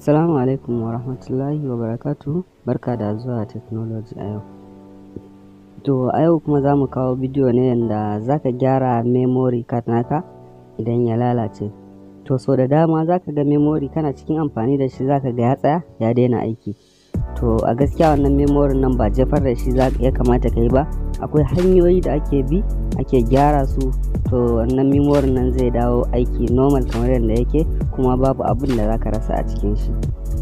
Assalamu alaikum wa rahmatullahi wa barakatu barka da zuwa technology a yau. To a yau kuma za mu kawo bidiyo ne yadda za ka gyara memory card naka idan ya lalace. To so da dama za ka ga memory kana cikin amfani da shi za ka ga ya tsaya ya daina aiki. to a gaskiya wannan memorin nan ba jefar da shi za ya kamata ka yi ba akwai hanyoyi da ake bi ake gyara su to wannan memorin nan zai dawo aiki normal kamar yadda yake kuma babu abin da za ka rasa a cikin shi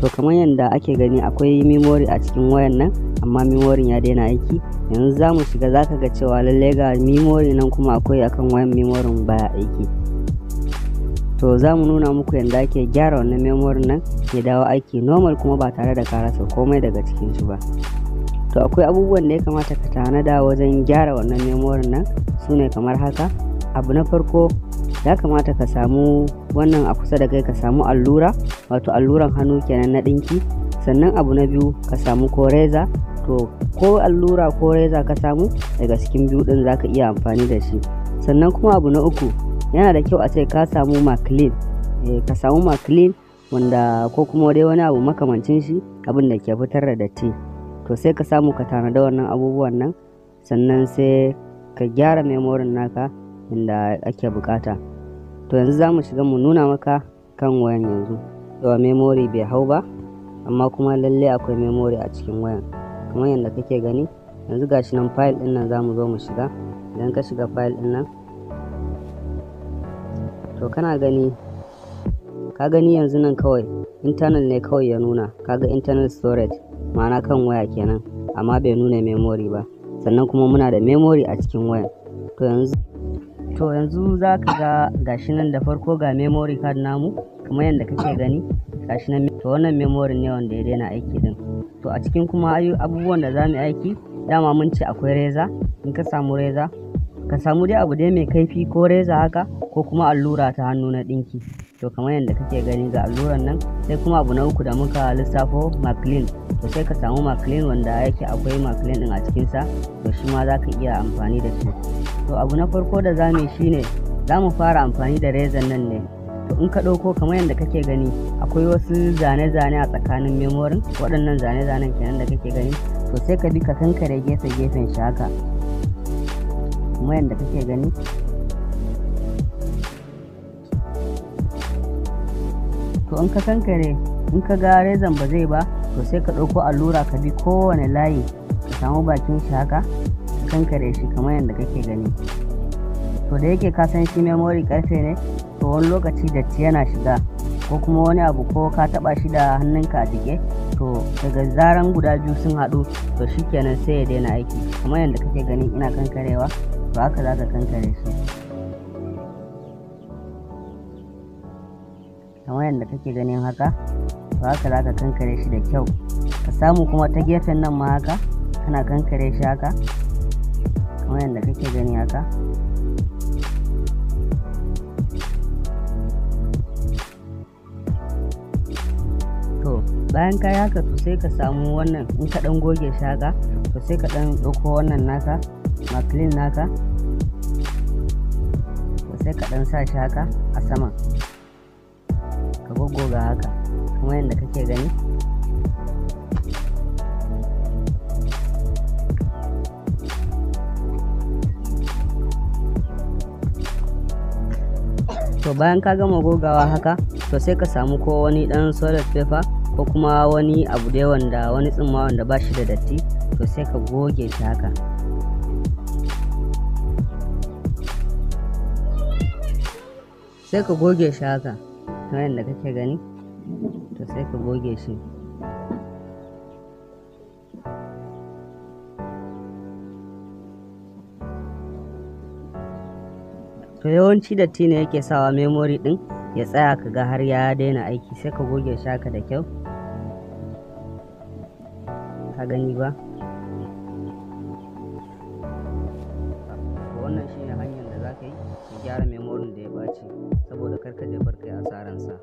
to kamar yadda ake gani akwai memory a cikin wayan nan amma memory ya daina aiki yanzu za mu shiga za ka ga cewa lallai ga memory nan kuma akwai akan wayan memory baya aiki to za mu nuna muku yadda ake gyara wannan memory nan ya dawo aiki normal kuma ba tare da karasa komai daga cikin su ba to akwai abubuwan da ya kamata ka tanada wajen gyara wannan memory nan su ne kamar haka abu na farko ya kamata ka samu wannan a kusa da kai ka samu allura wato alluran hannu kenan na ɗinki sannan abu na biyu ka samu ko reza to ko allura ko reza ka samu daga cikin biyu ɗin za ka iya amfani da shi sannan kuma abu na uku yana da kyau a ce ka samu maklin eh, ka samu maklin wanda ko kuma dai wani abu makamancin shi abin da ke fitar da datti to sai ka samu ka tanada wannan abubuwan nan sannan sai ka gyara memorin naka inda ake bukata to yanzu za mu shiga mu nuna maka kan wayan yanzu yawa memory bai hau ba amma kuma lalle akwai memory a cikin wayan kamar yadda kake gani yanzu gashi nan fayil din nan za mu zo mu shiga idan ka shiga fayil din nan to kana gani ka gani yanzu nan kawai internal ne kawai ya nuna kaga internal storage ma'ana kan waya kenan amma bai nuna memory ba sannan kuma muna da memory a cikin waya. to yanzu za ka ga gashi nan da farko ga memory card namu kamar yadda kake gani gashi nan to wannan memory ne wanda ya daina aiki din to a cikin kuma abubuwan da za mu aiki dama mun ce akwai reza in ka samu reza ka samu dai abu dai mai kaifi ko reza haka ko kuma allura ta hannu na ɗinki to kamar yadda kake gani ga alluran nan sai kuma abu na uku da muka lissafo maclean to sai ka samu maclean wanda yake akwai maclean ɗin a cikinsa to shi ma za iya amfani da shi to abu na farko da za mu yi shine za mu fara amfani da rezan nan ne to in ka ɗauko kamar yadda kake gani akwai wasu zane-zane a tsakanin memorin waɗannan zane-zanen kenan da kake gani to sai ka bi ka kankare gefe-gefen shi haka kuma yadda kake gani to in ka kankare in ka ga rezan ba zai ba to sai ka ɗauko allura ka bi kowane layi ka samu bakin shi haka ka kankare shi kamar yadda kake gani to da yake ka san shi memori karfe ne to wani lokaci datti yana shiga ko kuma wani abu ko ka taba shi da hannunka a jike to daga zaran guda biyu sun haɗu to kenan sai ya daina aiki kamar yadda kake ganin ina kankarewa to haka za ka kankare su kamar yadda kake ganin haka to haka za ka kankare shi da kyau ka samu kuma ta gefen nan ma haka kana kankare shi haka kamar yadda kake gani haka bayan ka haka to sai ka samu wannan in ka dan goge shaga to sai ka dan ɗauko wannan naka maklin naka to sai ka dan sa shaka a sama ka goggoga haka kuma yadda kake gani to bayan ka gama gogawa haka to sai ka samu ko wani dan solid paper ko kuma wani abu da wanda wani tsumma wanda ba shi da datti to sai ka goge shi haka sai ka goge shi haka kamar yadda kake gani to sai ka goge shi to yawanci datti ne yake sawa memory din ya tsaya ka ga har ya daina aiki sai ka goge shi haka da kyau ka gani ba wannan shi ne hanyar da za ka yi ka gyara memorin da ya ɓaci saboda kar ka je bar kai asaransa